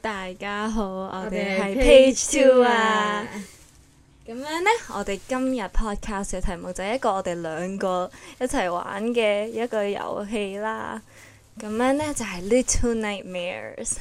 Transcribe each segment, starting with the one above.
大家好，我哋係 Page Two 啊。咁樣咧，我哋今日 podcast 嘅題目就係一個我哋兩個一齊玩嘅一個遊戲啦。咁樣咧就係、是、Little Nightmares。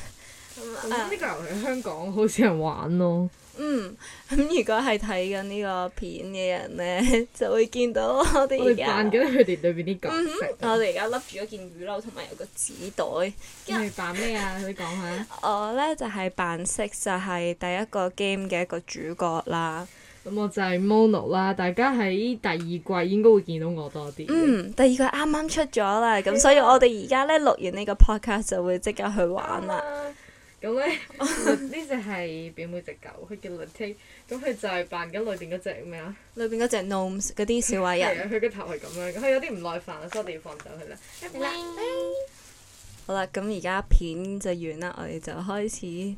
咁啊、嗯、呢、嗯、個遊戲香港好少人玩咯。嗯，咁如果係睇緊呢個片嘅人咧，就會見到我哋。我哋扮緊佢哋裏邊啲角色。嗯嗯我哋而家笠住一件雨褸，同埋有個紙袋。跟住又扮咩啊？你講下。我咧就係、是、扮色，就係、是、第一個 game 嘅一個主角啦。咁我就係 Mono 啦，大家喺第二季應該會見到我多啲。嗯，第二季啱啱出咗啦，咁 所以我哋而家咧錄完呢個 podcast 就會即刻去玩啦。 嗯 咁咧，呢隻係表妹隻狗，佢叫 Lucy。咁佢就係扮緊裏邊嗰隻咩啊？裏邊嗰隻 gnomes 嗰啲小矮人。佢個 頭係咁樣。佢有啲唔耐煩，所以我哋要放走佢啦。 好啦，咁而家片就完啦，我哋就開始。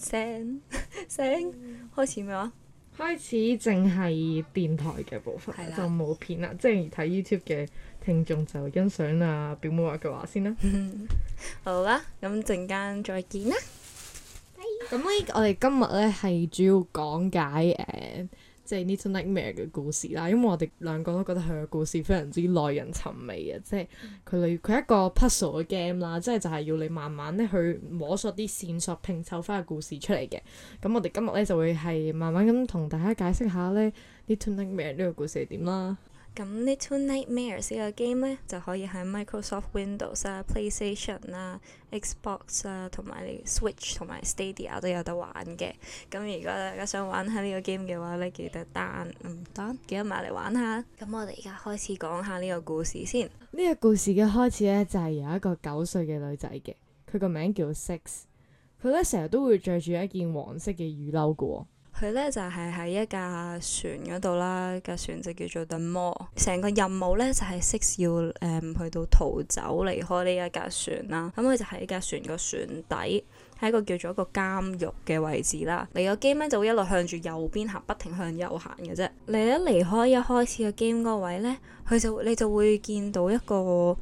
聲，聲，開始咩話？開始淨係電台嘅部分，就冇片啦，即係睇 YouTube 嘅。就是聽眾就欣賞啦、啊，表妹話嘅話先啦， 好啦，咁陣間再見啦，咁我哋今日咧係主要講解誒、呃，即係 Little Nightmare 嘅故事啦，因為我哋兩個都覺得佢嘅故事非常之耐人尋味啊，即係佢例如係一個 puzzle 嘅 game 啦，即係就係要你慢慢咧去摸索啲線索，拼湊翻個故事出嚟嘅。咁我哋今日咧就會係慢慢咁同大家解釋下咧 Little Nightmare 呢個故事係點啦。咁《Little Nightmares》呢個 game 呢，就可以喺 Microsoft Windows 啊、PlayStation 啊、Xbox 啊同埋你 Switch 同埋 Stadia 都有得玩嘅。咁如果大家想玩下呢個 game 嘅話，你記得單唔單，記得埋嚟玩下。咁我哋而家開始講下呢個故事先。呢個故事嘅開始呢，就係、是、有一個九歲嘅女仔嘅，佢個名叫 Six，佢呢成日都會着住一件黃色嘅雨褸嘅。佢咧就係、是、喺一架船嗰度啦，架船就叫做《盾魔》，成個任務咧就係、是、識要誒去到逃走離開呢一架船啦。咁、嗯、佢就喺架船個船底，喺個叫做一個監獄嘅位置啦。嚟個 game 咧就會一路向住右邊行，不停向右行嘅啫。嚟一離開一開始個 game 個位咧，佢就你就會見到一個。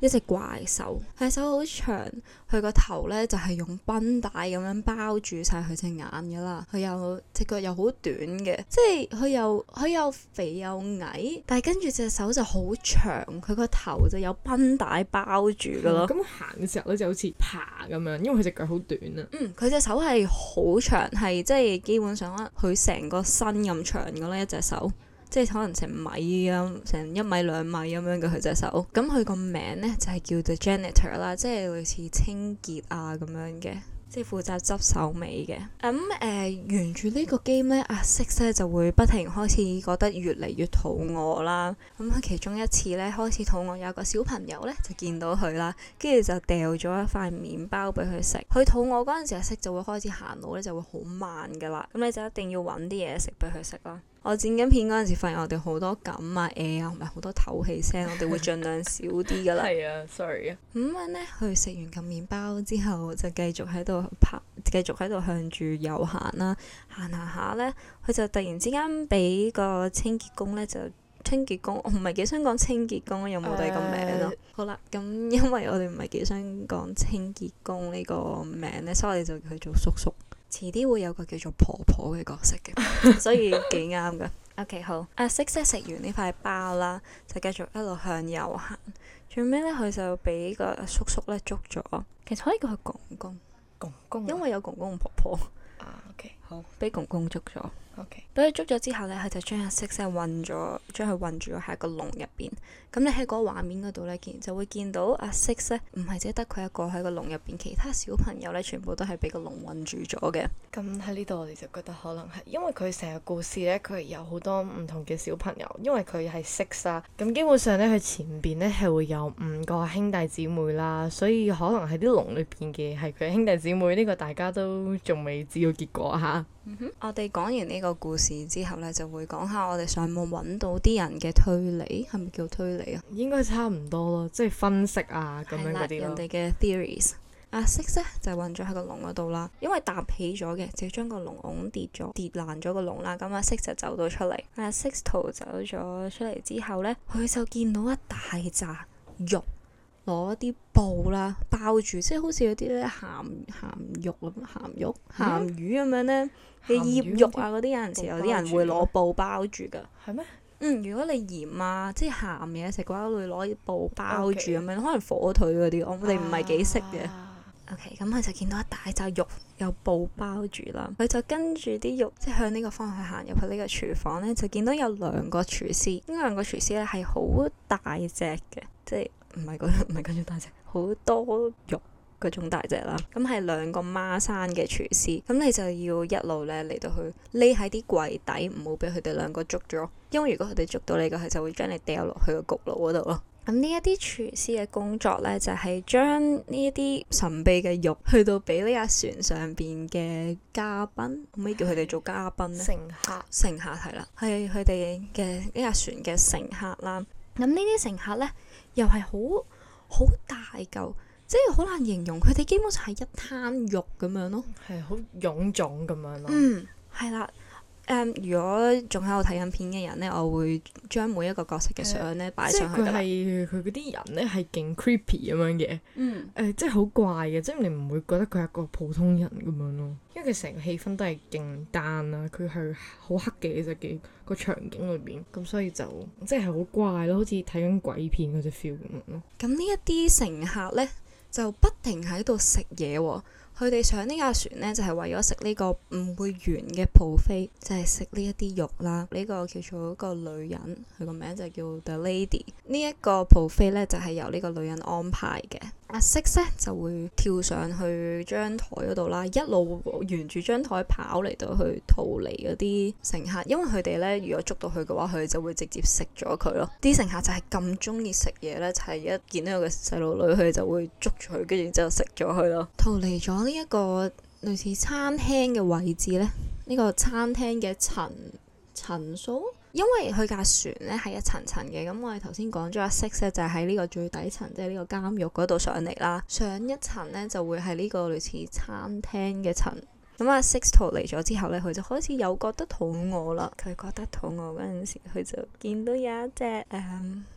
一隻怪獸，佢隻手好長，佢個頭呢就係用繃帶咁樣包住晒佢隻眼噶啦，佢又隻腳又好短嘅，即係佢又佢又肥又矮，但係跟住隻手就好長，佢個頭就有繃帶包住咯。咁行嘅時候咧就好似爬咁樣，因為佢隻腳好短啊。嗯，佢隻手係好長，係即係基本上佢成個身咁長噶啦，一隻手。即係可能成米咁，成一米兩米咁樣嘅佢隻手。咁佢個名咧就係、是、叫做 Janitor 啦，即係類似清潔啊咁樣嘅，即係負責執手尾嘅。咁、嗯、誒、呃，沿住呢個 game 咧，阿色咧就會不停開始覺得越嚟越肚餓啦。咁、嗯、佢其中一次咧，開始肚餓，有個小朋友咧就見到佢啦，跟住就掉咗一塊麵包俾佢食。佢肚餓嗰陣時，阿色就會開始行路咧，就會好慢噶啦。咁你就一定要搵啲嘢食俾佢食啦。我剪緊片嗰陣時，發現我哋好多噉啊嘢啊，同埋好多唞氣聲， 我哋會盡量少啲噶啦。係啊，sorry 啊。咁樣咧，佢食完個麵包之後，就繼續喺度拍，繼續喺度向住右行啦。行行下咧，佢就突然之間俾個清潔工咧，就清潔工，我唔係幾想講清潔工，有冇第個名咯？Uh、好啦，咁因為我哋唔係幾想講清潔工呢個名咧，所以我哋就叫佢做叔叔。遲啲會有個叫做婆婆嘅角色嘅， 所以幾啱㗎。OK，好。阿色色食完呢塊包啦，就繼續一路向右行。最尾咧，佢就俾個叔叔咧捉咗。其實可以叫佢公公，公公、啊，因為有公公婆婆。啊，OK。俾公公捉咗，OK。俾佢捉咗之後呢，佢就將阿 Six 咧困咗，將佢困住喺一個籠入邊。咁你喺嗰畫面嗰度咧，見就會見到阿 Six 咧唔係只得佢一個喺個籠入邊，其他小朋友呢，全部都係俾個籠困住咗嘅。咁喺呢度我哋就覺得可能係，因為佢成個故事呢，佢有好多唔同嘅小朋友，因為佢係 Six 啦、啊。咁基本上呢，佢前邊呢，係會有五個兄弟姊妹啦，所以可能喺啲籠裏邊嘅係佢兄弟姊妹。呢、這個大家都仲未知道結果吓、啊。Mm hmm. 我哋講完呢個故事之後呢，就會講下我哋上網揾到啲人嘅推理，係咪叫推理啊？應該差唔多咯，即、就、係、是、分析啊，咁樣嗰啲、嗯、人哋嘅 theories，阿 Six 咧就困咗喺個籠嗰度啦，因為搭起咗嘅，就將個籠拱跌咗，跌爛咗個籠啦。咁、啊、阿 Six 就走咗出嚟。阿、啊、Six 逃走咗出嚟之後呢，佢就見到一大紮肉。攞啲布啦，包住即係好似有啲咧鹹鹹肉咁，鹹肉、鹹魚咁樣咧，咸魚 你醃肉啊嗰啲，有陣時有啲人會攞布包住噶。係咩嗎？嗯，如果你鹽啊，即係鹹嘢食嘅話，會攞啲布包住咁樣，Okay. 可能火腿嗰啲，我哋唔係幾識嘅。O K，咁佢就見到一大隻肉有布包住啦，佢就跟住啲肉即係向呢個方向行入去呢個廚房咧，就見到有兩個廚師，呢兩個廚師咧係好大隻嘅，即、就、係、是。唔係嗰種，唔係嗰種大隻，好多，多肉嗰種大隻啦。咁係兩個孖生嘅廚師，咁你就要一路咧嚟到去匿喺啲櫃底，唔好俾佢哋兩個捉咗。因為如果佢哋捉到你嘅，佢就會將你掉落去個焗爐嗰度咯。咁呢一啲廚師嘅工作咧，就係將呢一啲神秘嘅肉，去到俾呢架船上邊嘅嘉賓，可唔可以叫佢哋做嘉賓咧。乘客，乘客係啦，係佢哋嘅呢架船嘅乘客啦。咁呢啲乘客咧。又係好好大嚿，即係好難形容。佢哋基本上係一攤肉咁樣咯，係好臃腫咁樣咯。嗯，係啦。誒，um，如果仲喺度睇緊片嘅人咧，我會將每一個角色嘅相咧擺上去嘅。即係佢係佢嗰啲人咧，係勁 creepy 咁樣嘅。嗯。誒、嗯呃，即係好怪嘅，即係你唔會覺得佢係個普通人咁樣咯。因為佢成個氣氛都係勁暗啊，佢係好黑嘅嗰隻嘅個場景裏邊，咁所以就即係好怪咯，好似睇緊鬼片嗰隻 feel 咁樣咯。咁呢一啲乘客咧，就不停喺度食嘢喎。佢哋上呢架船呢，就係為咗食呢個唔會完嘅 buffet，就係食呢一啲肉啦。呢、呢個叫做一個女人，佢個名就叫 The Lady。呢一個 buffet 呢，就係由呢個女人安排嘅。阿 Six 就會跳上去張台嗰度啦，一路沿住張台跑嚟到去逃離嗰啲乘客，因為佢哋呢，如果捉到佢嘅話，佢就會直接食咗佢咯。啲乘客就係咁中意食嘢呢，就係、係、一見到有個細路女，佢就會捉住佢，跟住就食咗佢咯。逃離咗。呢一個類似餐廳嘅位置咧，呢個餐廳嘅層層數，因為佢架船咧係一層層嘅。咁我哋頭先講咗一息咧，就係喺呢個最底層，即係呢個監獄嗰度上嚟啦。上一層呢，就會係呢個類似餐廳嘅層。咁、嗯嗯、啊，Sixto 嚟咗之後呢，佢就開始有覺得肚餓啦。佢覺得肚餓嗰陣時，佢就見到有一隻誒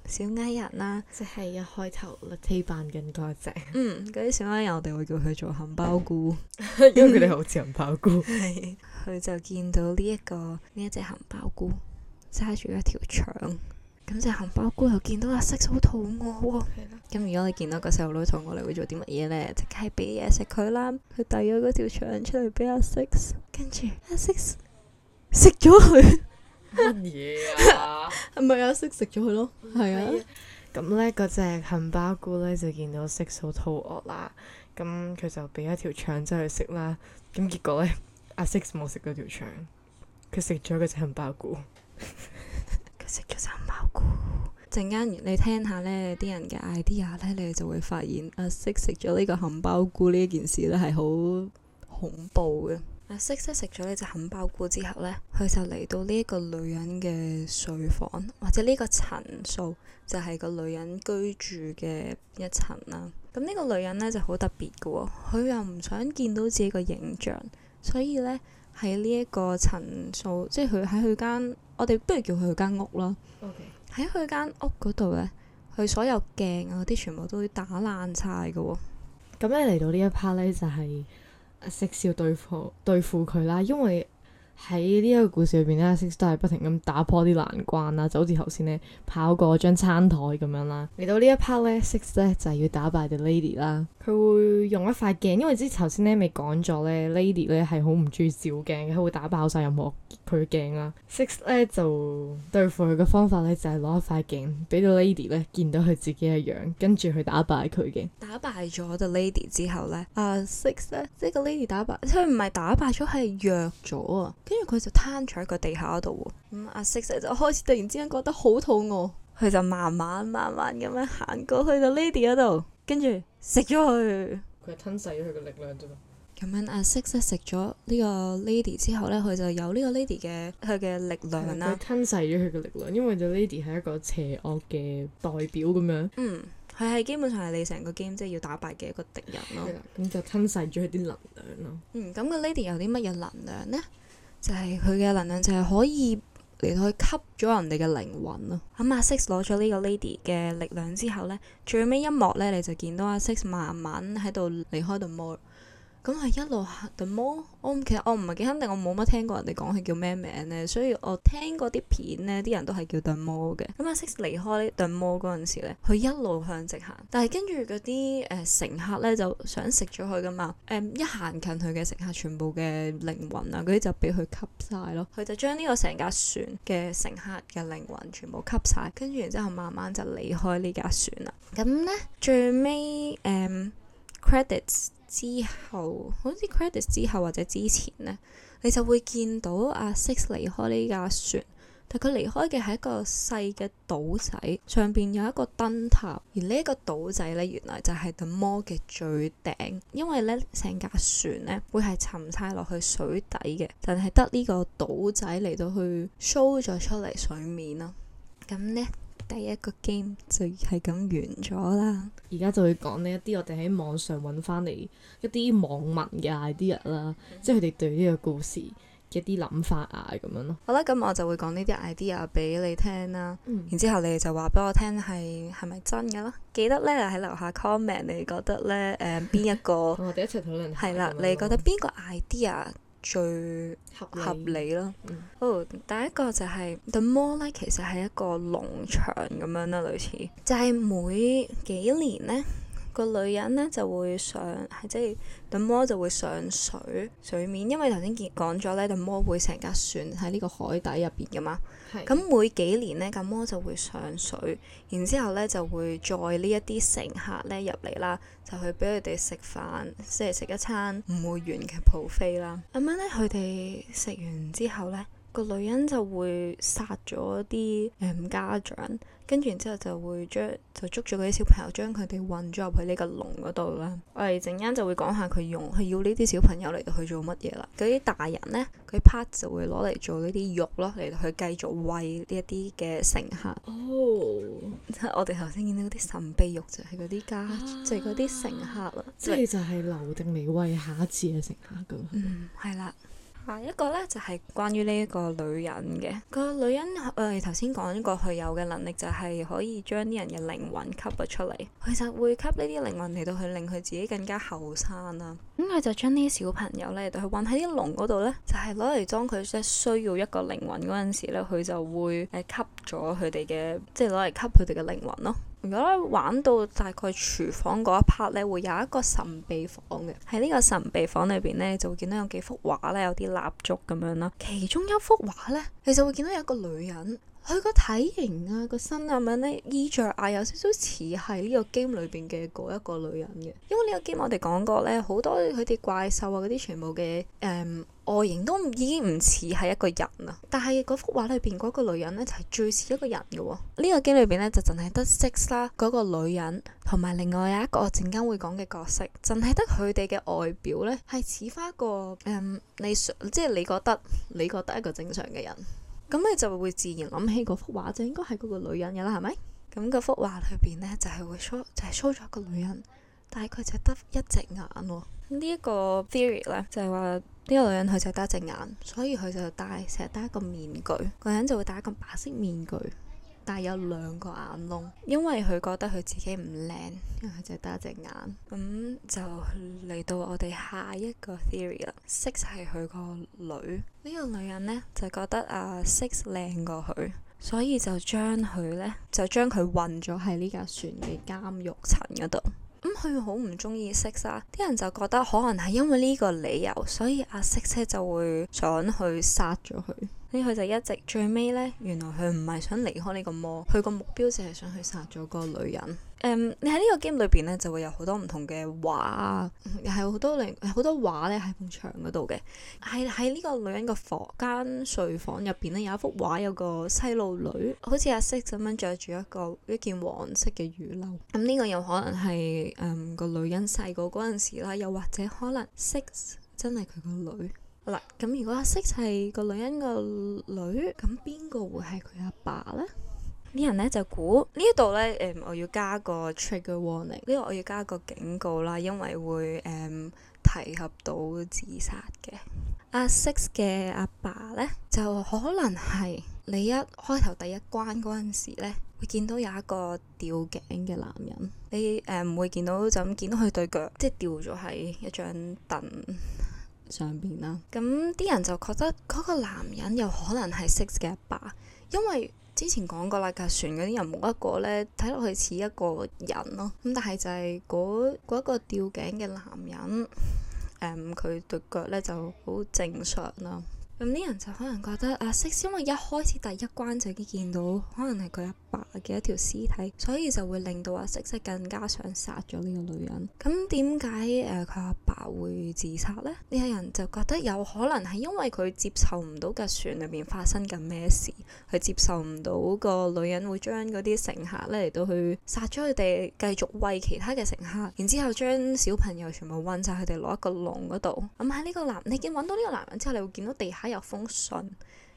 小矮人啦，即、um, 係、嗯、一開頭 lady 扮緊嗰隻。嗯、 這個，嗰啲小矮人我哋會叫佢做杏鮑菇，因為佢哋好似杏鮑菇。係，佢就見到呢一個呢一隻杏鮑菇揸住一條腸。咁隻杏鮑菇又見到阿色鼠好肚餓喎，咁如果你見到個細路女坐過嚟，會做啲乜嘢呢？即刻係俾嘢食佢啦，佢遞咗嗰條腸出嚟俾阿色麼，跟住 阿色食咗佢乜嘢啊？係咪阿色食咗佢咯？係啊，咁呢嗰隻杏鮑菇呢，就見到阿色鼠肚餓啦，咁佢就俾一條腸出嚟食啦，咁結果呢，阿色冇食嗰條腸，佢食咗嗰隻杏鮑菇。 食咗隻杏鮑菇，陣間你聽下呢啲人嘅 idea 呢，你就會發現，啊，色食咗呢個杏鮑菇呢件事呢係好恐怖嘅。啊，色識食咗呢隻杏鮑菇之後呢，佢就嚟到呢一個女人嘅睡房，或者呢個層數就係、是、個女人居住嘅一層啦。咁呢個女人呢就好特別嘅喎、哦，佢又唔想見到自己個形象，所以呢喺呢一個層數，即係佢喺佢間。我哋不如叫佢去間屋啦。喺佢間屋嗰度咧，佢所有鏡啊啲全部都打爛晒㗎喎。咁咧嚟到一呢一 part 咧就係一笑對付對付佢啦，因為。喺呢一個故事裏邊呢 six 都係不停咁打破啲難關啦，就好似頭先呢跑過張餐台咁樣啦。嚟到呢一 part 呢 six 咧就係要打敗 the lady 啦。佢會用一塊鏡，因為之前頭先呢未講咗呢 lady 咧係好唔中意照鏡嘅，佢會打爆晒任何佢嘅鏡啦。six 咧就對付佢嘅方法呢，就係攞一塊鏡，俾到 lady 咧見到佢自己嘅樣，跟住去打敗佢嘅。打敗咗 the lady 之後呢，啊、uh, six 呢，即係個 lady 打敗，佢唔係打敗咗，係弱咗啊。跟住佢就攤坐喺個地下嗰度，咁、嗯、阿色色就開始突然之間覺得好肚餓，佢就慢慢慢慢咁樣行過去到 Lady 嗰度，跟住食咗佢。佢係吞噬咗佢嘅力量啫嘛。咁樣阿色色食咗呢個 Lady 之後呢，佢就有呢個 Lady 嘅佢嘅力量啦。吞噬咗佢嘅力量，因為就 Lady 係一個邪惡嘅代表咁樣。嗯，佢係基本上係你成個 game 即係要打敗嘅一個敵人咯。咁、嗯、就吞噬咗佢啲能量咯。嗯，咁個 Lady 有啲乜嘢能量呢？就係佢嘅能量就係、是、可以嚟到去吸咗人哋嘅靈魂咯。咁、嗯、阿 Six 攞咗呢個 Lady 嘅力量之後咧，最尾一幕咧，你就見到阿 Six 慢慢喺度離開 The Mall。咁係一路行盾魔，我唔，嗯、其實我唔係幾肯定，我冇乜聽過人哋講佢叫咩名呢。所以我聽嗰啲片呢，啲人都係叫盾魔嘅。咁阿息離開盾魔嗰陣時呢，佢一路向直行，但係跟住嗰啲誒乘客呢，就想食咗佢噶嘛，誒，嗯、一行近佢嘅乘客全部嘅靈魂啊嗰啲就俾佢吸晒咯，佢就將呢個成架船嘅乘客嘅靈魂全部吸晒，跟住然之後慢慢就離開呢架船啦。咁、嗯、呢，最尾誒。嗯 credits 之後，好似 credits 之後或者之前呢，你就會見到阿 Six 離開呢架船，但佢離開嘅係一個細嘅島仔，上邊有一個燈塔，而呢一個島仔呢，原來就係 The Maw 嘅最頂，因為呢成架船呢會係沉晒落去水底嘅，但係得呢個島仔嚟到去 show 咗出嚟水面啦。咁呢。第一個 game 就係咁完咗啦，而家就會講呢一啲我哋喺網上揾翻嚟一啲網民嘅 idea 啦，嗯，即係佢哋對呢個故事嘅一啲諗法啊咁樣咯。好啦，咁我就會講呢啲 idea 俾你聽啦，嗯，然之後你哋就話俾我聽係係咪真嘅咯。記得咧喺樓下 comment，你覺得咧誒，邊一個？ 我哋一齊討論係啦，你覺得邊個 idea？最合合理啦。哦、嗯，好，第一個就係、是、The Mall 咧，其實係一個農場咁樣啦，類似，就係、是、每幾年咧。個女人咧就會上，係即係等魔就會上水，水面，因為頭先講咗咧，等魔會成架船喺呢個海底入邊嘅嘛。咁是每幾年咧，咁魔就會上水，然之後咧就會載呢一啲乘客咧入嚟啦，就去俾佢哋食飯，即係食一餐唔會完嘅 buffet 啦。咁樣咧，佢哋食完之後咧，個女人就會殺咗啲誒家長。跟住然之後就會將就捉咗嗰啲小朋友，將佢哋運咗入去呢個籠嗰度啦。我哋陣間就會講下佢用佢要呢啲小朋友嚟到去做乜嘢啦。嗰啲大人咧，佢 part 就會攞嚟做呢啲肉咯，嚟到去繼續餵呢一啲嘅乘客。哦，即係我哋頭先見到啲神秘肉就係嗰啲家，ah. 就係嗰啲乘客啦。即係就係留定嚟餵下一次嘅乘客咁。嗯，係啦。下一個咧，就係、是、關於呢一個女人嘅，這個女人，我哋頭先講過佢有嘅能力就係可以將啲人嘅靈魂吸咗出嚟，佢就會吸呢啲靈魂嚟到去令佢自己更加後生啊！咁、嗯、佢就將啲小朋友咧就去韫喺啲籠嗰度咧，就係攞嚟裝佢即係需要一個靈魂嗰陣時咧，佢就會誒吸咗佢哋嘅，即係攞嚟吸佢哋嘅靈魂咯。如果咧玩到大概廚房嗰一 part 咧，會有一個神秘房嘅。喺呢個神秘房裏邊咧，就會見到有幾幅畫咧，有啲蠟燭咁樣啦。其中一幅畫咧，你就會見到有一個女人。佢個體型啊，個身啊咁樣呢，衣着啊有少少似係呢個 game 裏邊嘅嗰一個女人嘅。因為呢個 game 我哋講過呢，好多佢哋怪獸啊嗰啲全部嘅、嗯、外形都已經唔似係一個人啊。但係嗰幅畫裏邊嗰個女人呢，就係、是、最似一個人嘅喎、哦。呢、這個 game 裏邊呢，就淨係得 Jax 嗰個女人同埋另外有一個我陣間會講嘅角色，淨係得佢哋嘅外表呢，係似翻一個誒、嗯，你即係你覺得你覺得一個正常嘅人。咁你就會自然諗起嗰幅畫就應該係嗰個女人嘅啦，係咪？咁、那、嗰、個、幅畫裏邊呢，就係、是、會 show 就係 show 咗一個女人，但係佢就得一隻眼喎。呢、這、一個 theory 呢，就係話呢個女人佢就得一隻眼，所以佢就戴成日戴一個面具，個人就會戴一個白色面具。但有兩個眼窿，因為佢覺得佢自己唔靚，佢、嗯、就得一隻眼。咁就嚟到我哋下一個 theory 啦。Six 係佢個女，呢、這個女人呢，就覺得啊 Six 靚過佢，所以就將佢呢，就將佢困咗喺呢架船嘅監獄層嗰度。咁佢好唔中意 Six 啦，啲、啊、人就覺得可能係因為呢個理由，所以阿、啊、Six 姐就會想去殺咗佢。呢佢就一直最尾呢。原來佢唔係想離開呢個魔，佢個目標就係想去殺咗個女人。嗯，你喺呢個 game 裏邊呢，就會有好多唔同嘅畫啊，係好多零好多畫咧喺埲牆嗰度嘅。係喺呢個女人個房間睡房入邊呢，有一幅畫，有個細路女，好似阿色咁樣着住一個一件黃色嘅雨褸。咁、um, 呢個有可能係嗯、um, 個女人細個嗰陣時啦，又或者可能色真係佢個女。嗱，咁如果阿 Six 係個女人個女，咁邊個會係佢阿爸呢？啲人咧就估呢一度咧，誒、嗯，我要加個 trigger warning，呢個我要加個警告啦，因為會、嗯、提及到自殺嘅。阿 Six 嘅阿爸咧，就可能係你一開頭第一關嗰陣時咧，會見到有一個吊頸嘅男人，你誒唔、嗯、會見到就咁見到佢對腳，即、就、係、是、吊咗喺一張凳上邊啦，咁啲人就覺得嗰個男人有可能係 Six 嘅阿爸，因為之前講過啦，架船嗰啲人冇一個咧睇落去似一個人咯，咁但係就係嗰、那個那個吊頸嘅男人，佢、嗯、對腳咧就好正常啦，咁啲人就可能覺得啊，Six 因為一開始第一關就已經見到，可能係佢一爸嘅一條屍體，所以就會令到阿色色更加想殺咗呢個女人。咁點解誒佢阿爸會自殺呢？呢個人就覺得有可能係因為佢接受唔到架船裏面發生緊咩事，佢接受唔到個女人會將嗰啲乘客咧嚟到去殺咗佢哋，繼續餵其他嘅乘客，然之後將小朋友全部韫晒佢哋攞一個籠嗰度。咁喺呢個男，你見揾到呢個男人之後，你會見到地下有封信。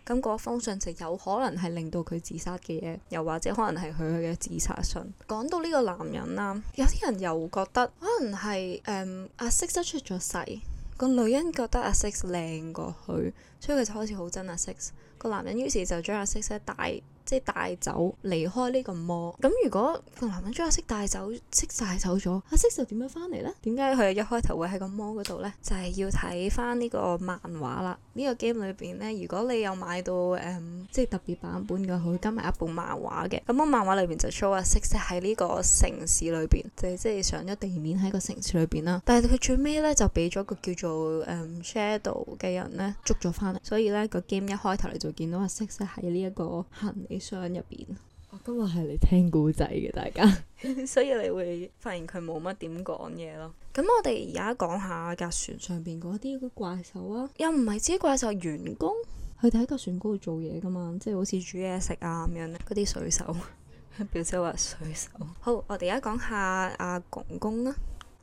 咁嗰封信就有可能係令到佢自殺嘅嘢，又或者可能係佢嘅自殺信。講到呢個男人啦，有啲人又覺得可能係誒阿 six 出咗世，個女人覺得阿 six 靚過佢，所以佢就開始好憎阿 six。個男人於是就將阿 six 帶即係帶走離開呢個魔咁。如果個男人將阿識帶走，識晒走咗，阿色就點樣翻嚟呢？點解佢一開頭會喺個魔嗰度呢？就係、是、要睇翻呢個漫畫啦。呢、這個 game 裏邊呢，如果你有買到誒、嗯，即係特別版本嘅，佢加埋一部漫畫嘅。咁個漫畫裏邊就 show 阿色色喺呢個城市裏邊，就係即係上咗地面喺個城市裏邊啦。但係佢最尾呢，就俾咗個叫做誒、嗯、Shadow 嘅人呢捉咗翻嚟，所以呢、那個 game 一開頭你就見到阿色色喺呢一個行李。相入邊，我今日係嚟聽古仔嘅，大家 所以你會發現佢冇乜點講嘢咯。咁我哋而家講下架船上邊嗰啲怪獸啊，又唔係指怪獸員工，佢哋喺個船嗰度做嘢噶嘛，即係好似煮嘢食啊咁樣咧，嗰啲水手， 表姐話水手。好，我哋而家講下阿公公啦。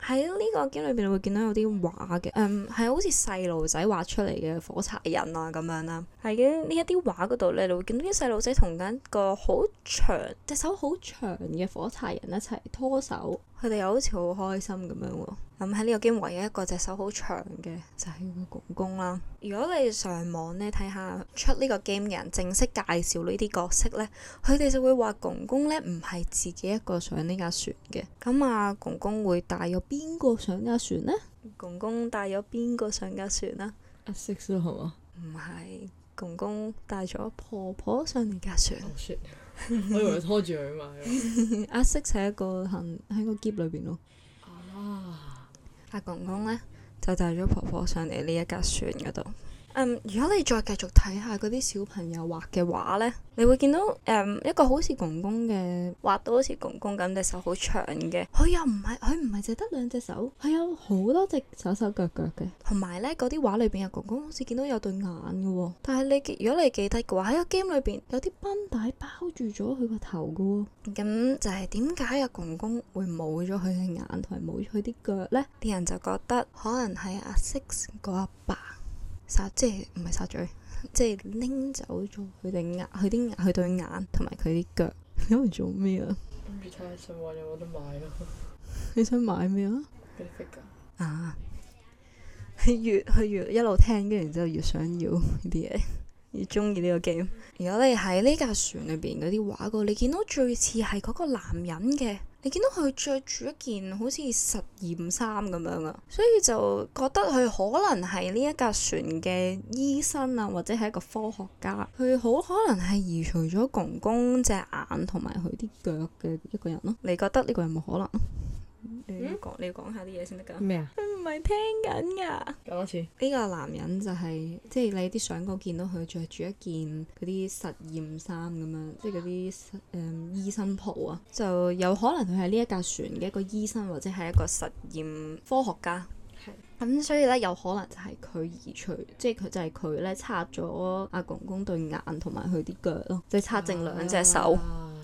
喺呢個 game 裏邊、嗯啊，你會見到有啲畫嘅，嗯，係好似細路仔畫出嚟嘅火柴人啊，咁樣啦。係嘅，呢一啲畫嗰度，你就會見到啲細路仔同緊個好長、隻手好長嘅火柴人一齊拖手。佢哋又好似好開心咁樣喎。咁喺呢個 game 唯一一個隻手好長嘅就係個公公啦。如果你上網呢睇下出呢個 game 嘅人正式介紹呢啲角色呢，佢哋就會話公公呢唔係自己一個上呢架船嘅。咁、嗯、啊公公會帶咗邊個上架船呢？公公帶咗邊個上架船啊 s 色好啊唔係，公公帶咗婆婆上架船。Oh, 我以為拖住佢啊嘛，阿色，係一個行喺個喼裏邊咯。啊、啦阿公公咧 就帶咗婆婆上嚟呢一架船嗰度。嗯 Um, 如果你再繼續睇下嗰啲小朋友畫嘅畫呢，你會見到誒、um, 一個好似公公嘅畫到好似公公咁，隻手好長嘅。佢又唔係，佢唔係淨得兩隻手，佢有好多隻手手腳腳嘅。同埋呢嗰啲畫裏邊阿公公好似見到有對眼嘅、哦，但係你如果你記得嘅話，喺個 game 裏邊有啲繃帶包住咗佢個頭嘅、哦。咁就係點解阿公公會冇咗佢嘅眼同埋冇咗佢啲腳呢？啲人就覺得可能係阿 Six 個阿爸。殺，即係唔係殺嘴，即係拎走咗佢哋，牙，佢啲佢對眼同埋佢啲腳，攞嚟做咩啊？跟住睇下想揾有冇得買咯。 你想買咩 啊？黑啊！佢越佢越一路聽，跟住之後越想要呢啲嘢。中意呢個 game。如果你喺呢架船裏邊嗰啲畫過，你見到最似係嗰個男人嘅，你見到佢着住一件好似實驗衫咁樣啊，所以就覺得佢可能係呢一架船嘅醫生啊，或者係一個科學家，佢好可能係移除咗公公隻眼同埋佢啲腳嘅一個人咯、啊。你覺得呢個有冇可能啊？你要講、嗯、你要講下啲嘢先得㗎。咩啊麼？佢唔係聽緊㗎。講多次。呢個男人就係、是，即係你啲相嗰見到佢著住一件嗰啲實驗衫咁樣，即係嗰啲誒醫生袍啊，就有可能佢係呢一架船嘅一個醫生或者係一個實驗科學家。係是。咁所以咧，有可能就係佢移除，即係佢就係佢咧拆咗阿公公對眼同埋佢啲腳咯，即係差剩兩隻手。啊啊。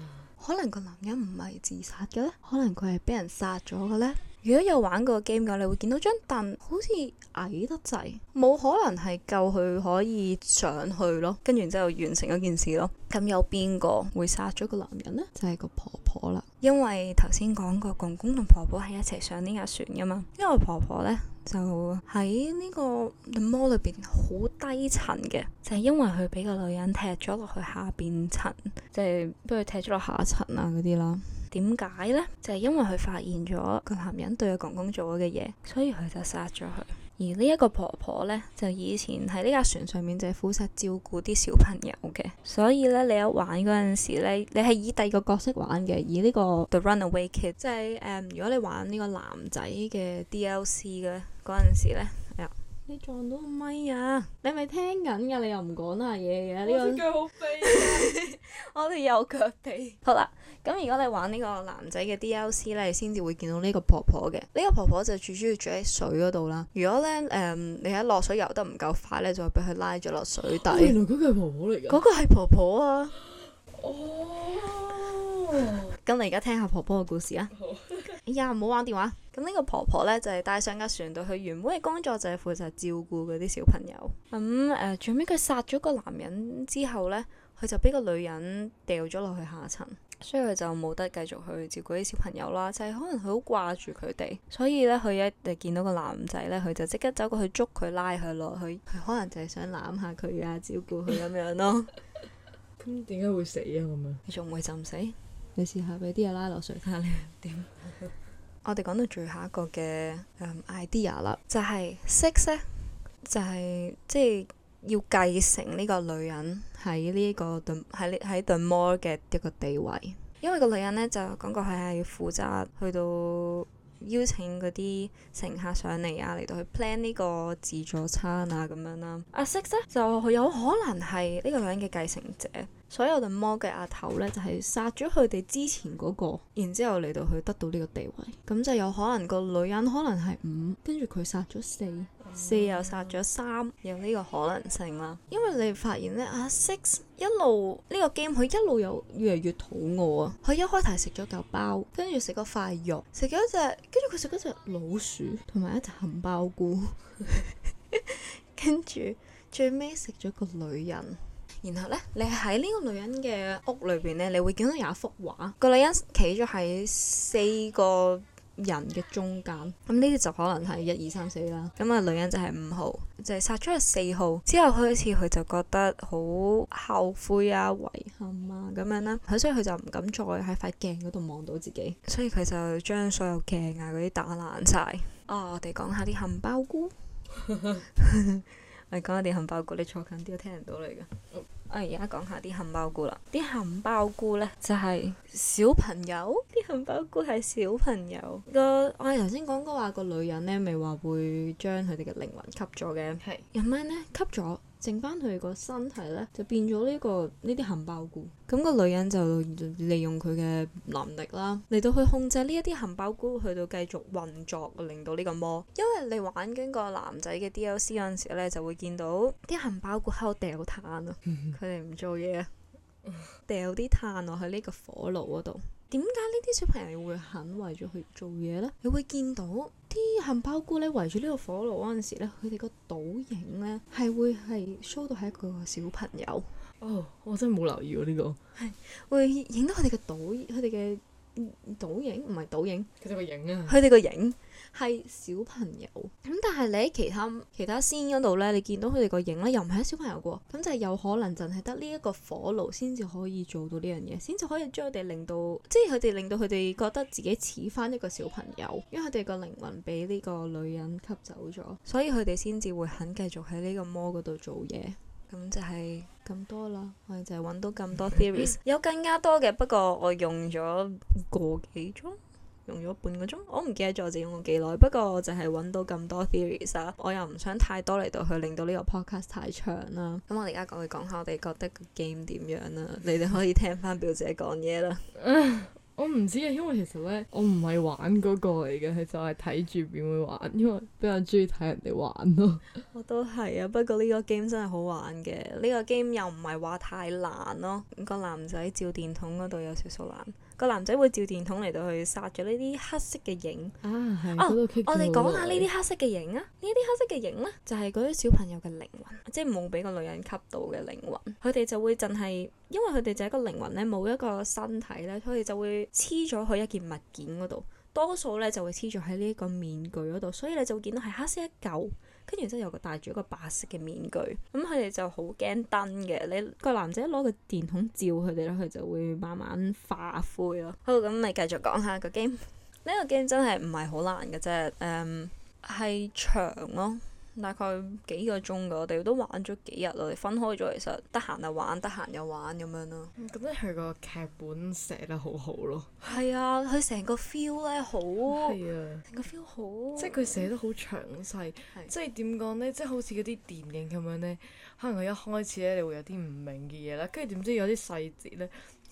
可能個男人唔係自殺嘅咧，可能佢係俾人殺咗嘅咧。如果有玩過 game 嘅，你會見到張凳好似矮得滯，冇可能係夠佢可以上去咯。跟住然之後完成嗰件事咯。咁有邊個會殺咗個男人呢？就係個婆婆啦。因為頭先講過公公同婆婆係一齊上呢架船噶嘛。因為婆婆呢，就喺呢個魔裏邊好低層嘅，就係、是、因為佢俾個女人踢咗落去下邊層，即係俾佢踢咗落下，下一層啊嗰啲啦。點解呢？就係、是、因為佢發現咗個男人對阿公公做咗嘅嘢，所以佢就殺咗佢。而呢一個婆婆呢，就以前喺呢架船上面就係負責照顧啲小朋友嘅。所以呢，你一玩嗰陣時呢，你係以第二個角色玩嘅，以呢個 The Runaway Kid，即係誒、呃，如果你玩呢個男仔嘅 DLC 嘅嗰陣時呢。你撞到個咪啊！你係咪聽緊㗎，你又唔講下嘢嘅呢個？我腳好肥啊！ 我哋右腳地。好啦，咁如果你玩呢個男仔嘅 DLC 咧，先至會見到呢個婆婆嘅。呢、呢個婆婆就最主要住喺水嗰度啦。如果咧誒、嗯、你喺落水游得唔夠快咧，你就會俾佢拉咗落水底。原來嗰個係婆婆嚟㗎。嗰個係婆婆啊！哦。咁你而家聽下婆婆嘅故事啊！Oh. 哎呀，唔好玩電話。咁呢個婆婆呢，就係、是、帶上架船到去，原本嘅工作就係負責照顧嗰啲小朋友。咁、嗯、誒、呃，最尾佢殺咗個男人之後呢，佢就俾個女人掉咗落去下層，所以佢就冇得繼續去照顧啲小朋友啦。就係、是、可能佢好掛住佢哋，所以呢，佢一誒見到個男仔呢，佢就即刻走過去捉佢拉佢落去，佢可能就係想攬下佢啊，照顧佢咁 樣咯。咁點解會死啊？咁樣？你仲未浸死？ 你試,試下俾啲嘢拉落水睇下你點。 我哋講到最後一個嘅、um, idea 啦，就係、是、sex 咧，就係、是、即係要繼承呢個女人喺呢、這個盾喺呢喺 the mall 嘅一個地位，因為個女人咧就講過佢係負責去到。邀請嗰啲乘客上嚟啊，嚟到去 plan 呢個自助餐啊，咁樣啦。阿 six 咧就有可能係呢個女人嘅繼承者，所有嘅魔嘅阿頭咧就係殺咗佢哋之前嗰個，然之後嚟到去得到呢個地位，咁就有可能個女人可能係五，跟住佢殺咗四。四又殺咗三，有呢個可能性啦。因為你發現呢，阿 Six 一路呢、呢個 game 佢一路又越嚟越肚餓啊！佢一開頭食咗嚿包，跟住食咗塊肉，食咗隻，跟住佢食咗隻老鼠，同埋一隻杏鮑菇，跟 住最尾食咗個女人。然後呢，你喺呢個女人嘅屋裏邊呢，你會見到有一幅畫，個女人企咗喺四個。人嘅中間，咁呢啲就可能係一、二、三、四啦。咁、嗯、啊，女人就係五號，就係、是、殺咗四號之後開始，佢就覺得好後悔啊、遺憾啊咁樣啦。佢所以佢就唔敢再喺塊鏡嗰度望到自己，所以佢就將所有鏡啊嗰啲打爛晒。啊，我哋講下啲杏鮑菇， 我哋講下啲杏鮑菇，你坐近啲，我聽唔到你㗎。我而家講下啲杏鮑菇啦，啲杏鮑菇咧就係小朋友，啲杏鮑菇係小朋友個。我哋頭先講過話個女人咧，咪話會將佢哋嘅靈魂吸咗嘅，有咩咧吸咗。剩翻佢個身體咧，就變咗呢、這個呢啲杏鮑菇。咁、那個女人就利用佢嘅能力啦，嚟到去控制呢一啲杏鮑菇，去到繼續運作，令到呢個魔。因為你玩緊個男仔嘅 DLC 嗰陣時咧，就會見到啲杏鮑菇喺度掉炭啊，佢哋唔做嘢、啊，掉啲炭落去呢個火爐嗰度。點解呢啲小朋友會肯為咗去做嘢呢？你會見到啲杏鮑菇咧圍住呢個火爐嗰陣時咧，佢哋個倒影呢，係會係 show 到係一個小朋友。哦，我真係冇留意喎呢個。係會影到佢哋嘅倒，佢哋嘅倒影唔係倒影，佢哋個影啊。佢哋個影。係小朋友咁，但係你喺其他其他仙嗰度呢，你見到佢哋個影咧，又唔係小朋友喎，咁就係有可能淨係得呢一個火爐先至可以做到呢樣嘢，先至可以將佢哋令到，即係佢哋令到佢哋覺得自己似翻一個小朋友，因為佢哋個靈魂俾呢個女人吸走咗，所以佢哋先至會肯繼續喺呢個魔嗰度做嘢。咁就係咁多啦，我哋就係揾到咁多 theories， 有更加多嘅，不過我用咗個幾鐘。用咗半個鐘，我唔記得咗自己用咗幾耐。不過就係揾到咁多 theories 啦，我又唔想太多嚟到去令到呢個 podcast 太長啦。咁我哋而家講嚟講下我哋覺得個 game 點樣啦。你哋可以聽翻表姐講嘢啦。 我唔知啊，因為其實咧，我唔係玩嗰、嗰個嚟嘅，係就係睇住表妹玩，因為比較中意睇人哋玩咯。 我都係啊，不過呢個 game 真係好玩嘅，呢、呢個 game 又唔係話太難咯。個男仔照電筒嗰度有少少難。個男仔會照電筒嚟到去殺咗呢啲黑色嘅影啊！我哋講下呢啲黑色嘅影啊，呢啲黑色嘅影咧，就係嗰啲小朋友嘅靈魂，即係冇俾個女人吸到嘅靈魂，佢哋就會淨係因為佢哋就係個靈魂咧，冇一個身體咧，佢哋就會黐咗去一件物件嗰度，多數咧就會黐咗喺呢一個面具嗰度，所以你就見到係黑色一嚿。跟住之後有個戴住一個白色嘅面具，咁佢哋就好驚燈嘅。你個男仔一攞個電筒照佢哋咧，佢就會慢慢化灰咯。好，咁咪繼續講下個 game。呢個 game 真係唔係好難嘅啫，誒，係長咯。大概幾個鐘嘅，我哋都玩咗幾日咯。我哋分開咗，其實得閒就玩，得閒就玩咁樣咯。咁即係個劇本寫得好好咯。係 啊，佢成個 feel 咧好。係啊。成個 feel 好。即係佢寫得好詳細，的即係點講咧？即係好似嗰啲電影咁樣咧，可能佢一開始咧你會有啲唔明嘅嘢啦，跟住點知有啲細節咧，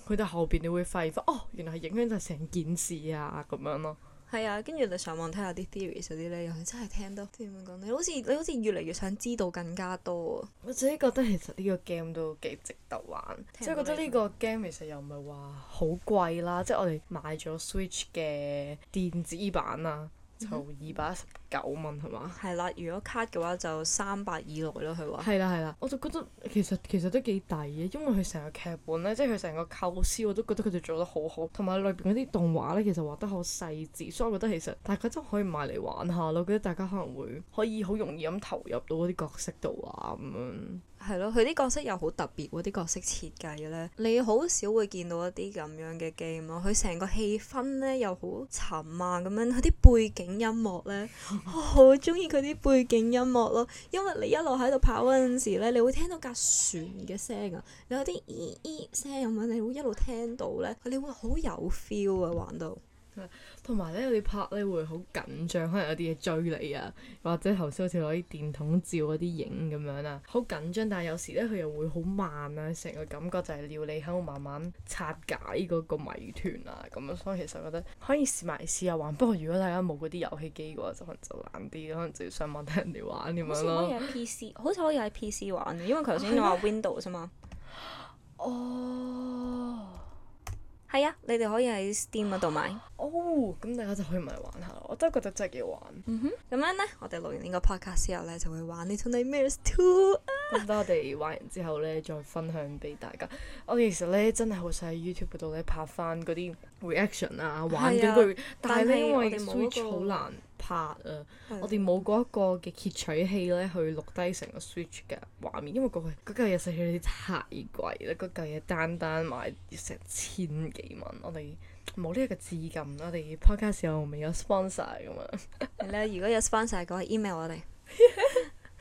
佢到後邊你會發現翻，哦，原來係影響咗成件事啊咁樣咯。係啊，跟住就上網睇下啲 theory 嗰啲咧，又真係聽得點講？你好似你好似越嚟越想知道更加多啊！我自己覺得其實呢個 game 都幾值得玩，即係覺得呢個 game 其實又唔係話好貴啦，即係我哋買咗 Switch 嘅電子版啊。就二百一十九蚊係嘛？係啦，如果卡嘅話，就三百以內咯，佢話係啦係啦，我就覺得其實其實都幾抵嘅，因為佢成個劇本咧，即係佢成個構思我都覺得佢哋做得好好，同埋裏邊嗰啲動畫咧，其實畫得好細致。所以我覺得其實大家真係可以買嚟玩下咯。我覺得大家可能會可以好容易咁投入到嗰啲角色度啊咁樣。係咯，佢啲角色又好特別喎，啲角色設計咧，你好少會見到一啲咁樣嘅 game 咯。佢成個氣氛咧又好沉啊，咁樣佢啲背景音樂咧，我好中意佢啲背景音樂咯。因為你一路喺度跑嗰陣時咧，你會聽到架船嘅聲啊，你有啲咿咿聲咁樣，你會一路聽到咧，你會好有 feel 啊，玩到啊。同埋咧，有啲拍咧會好緊張，可能有啲嘢追你啊，或者頭先好似攞啲電筒照嗰啲影咁樣啊，好緊張。但係有時咧，佢又會好慢啊，成個感覺就係撩你喺度慢慢拆解嗰個謎團啊咁啊。所以其實我覺得可以試埋試下玩。不過如果大家冇嗰啲遊戲機嘅話，就可能就難啲，可能就要上網睇人哋玩咁樣咯。可以喺 P C，好似可以喺 P C 玩嘅，因為頭先你話 Windows 嘛。哦、啊。係啊，你哋可以喺 Steam 嗰度買。哦，咁大家就可以埋嚟玩下，我真係覺得真係幾好玩。嗯哼，咁樣呢，我哋錄完呢個 podcast 之後呢，就會玩《呢 The Nightmares Two》啊。得唔得？我哋玩完之後呢，再分享俾大家。我、okay, 哋其實呢，真係好想喺 YouTube 度呢，拍翻嗰啲 reaction 啊，玩嗰句，的但係呢，因為 switch 好難。啊！ 我哋冇嗰一個嘅揭取器咧，去錄低成個 Switch 嘅畫面，因為嗰個嗰嚿嘢實在太貴啦，嗰嚿嘢單單買要成千幾蚊，我哋冇呢一個資金，我哋 podcast 時候未有 sponsor 嘅嘛。係咧， 如果有 sponsor 嘅話、那個、email 我哋。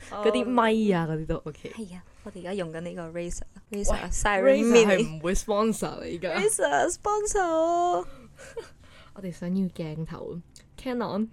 嗰啲咪啊，嗰啲都 OK。係 啊，我哋而家用緊呢個 Razer，Razer，Razer 係唔會 sponsor 啦依家。Razer sponsor， 我哋想要鏡頭。can on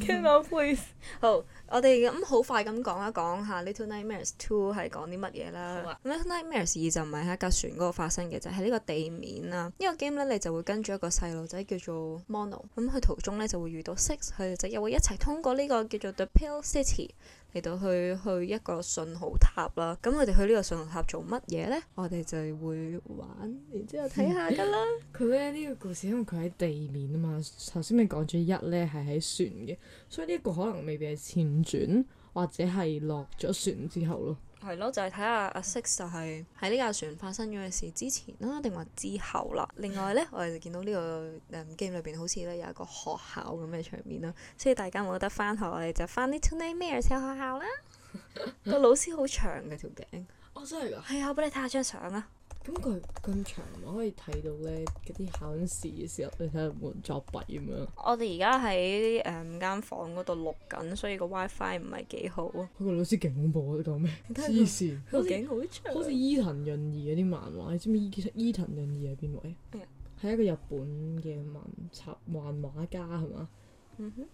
can on please 好我哋咁好快咁講一講下呢 Little Nightmares 2係講啲乜嘢啦、啊、Little Nightmares 2就唔係喺架船度發生嘅就係呢個地面啦呢、這個 game 咧你就會跟住一個細路仔叫做 Mono 咁佢途中咧就會遇到 Six 佢就又會一齊通過呢個叫做 The Pale City 嚟到去去一個信號塔啦，咁我哋去呢個信號塔做乜嘢咧？我哋就係會玩，然之後睇下噶啦。佢咧、嗯、呢、這個故事，因為佢喺地面啊嘛，頭先咪講咗一咧係喺船嘅，所以呢個可能未必係前傳或者係落咗船之後咯。係咯，就係、是、睇下阿 Six 就係喺呢架船發生咗嘅事之前啦，定話之後啦。另外咧，我哋就見到呢個 game 裏邊好似咧有一個學校咁嘅場面啦，所以大家冇得翻學，我哋就翻啲 Nightmares 咩嘢小學校啦。 個老師好長嘅條頸哦，oh, 真係噶，係啊，我俾你睇下張相啦。咁佢咁長，我可以睇到咧嗰啲考試嘅時候，你睇下有冇人作弊咁樣。我哋而家喺誒間房嗰度錄緊，所以個 WiFi 唔係幾好啊。嗰個老師勁恐怖啊！你講咩？黐線。個景好長。好似伊藤潤二嗰啲漫畫，你知唔知伊藤伊藤潤二係邊位啊？係、嗯、一個日本嘅漫插漫畫家係嘛？嗯哼。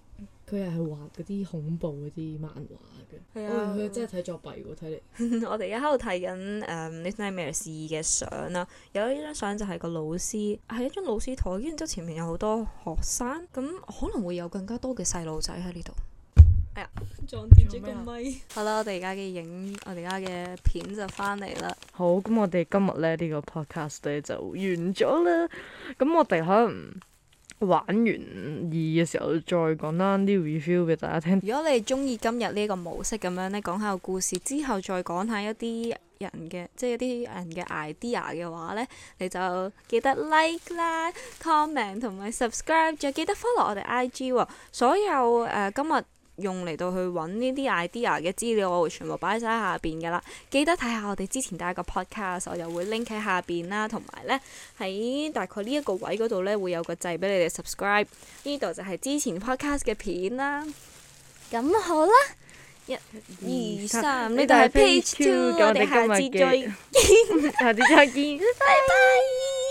佢又係畫嗰啲恐怖嗰啲漫畫嘅，我唔佢真係睇作弊喎，睇嚟。 我哋而家喺度睇緊誒，Miss Nightmare 二嘅相啦，有一張相就係個老師，係一張老師台，跟住之前面有好多學生，咁可能會有更加多嘅細路仔喺呢度。哎呀，撞跌咗個咪！麼 好啦，我哋而家嘅影，我哋而家嘅片就翻嚟，這個，啦。好，咁我哋今日咧呢個 podcast 咧就完咗啦。咁我哋可能。玩完二嘅時候，再講翻啲 review 俾大家聽。如果你係中意今日呢一個模式咁樣咧，講下個故事之後再講下一啲人嘅，即係一啲人嘅 idea 嘅話咧，你就記得 like 啦 ，comment 同埋 subscribe，仲記得 follow 我哋 IG 喎。所有誒、呃、今日。用嚟到去揾呢啲 idea 嘅資料，我會全部擺晒喺下邊噶啦。記得睇下我哋之前第一個 podcast，我又會 link 喺下邊啦。同埋呢，喺大概呢一個位嗰度呢，會有個掣俾你哋 subscribe。呢度就係之前 podcast 嘅片啦。咁好啦，一看、二、三，呢度係 page two，看我哋下次再見，下次再見，拜拜。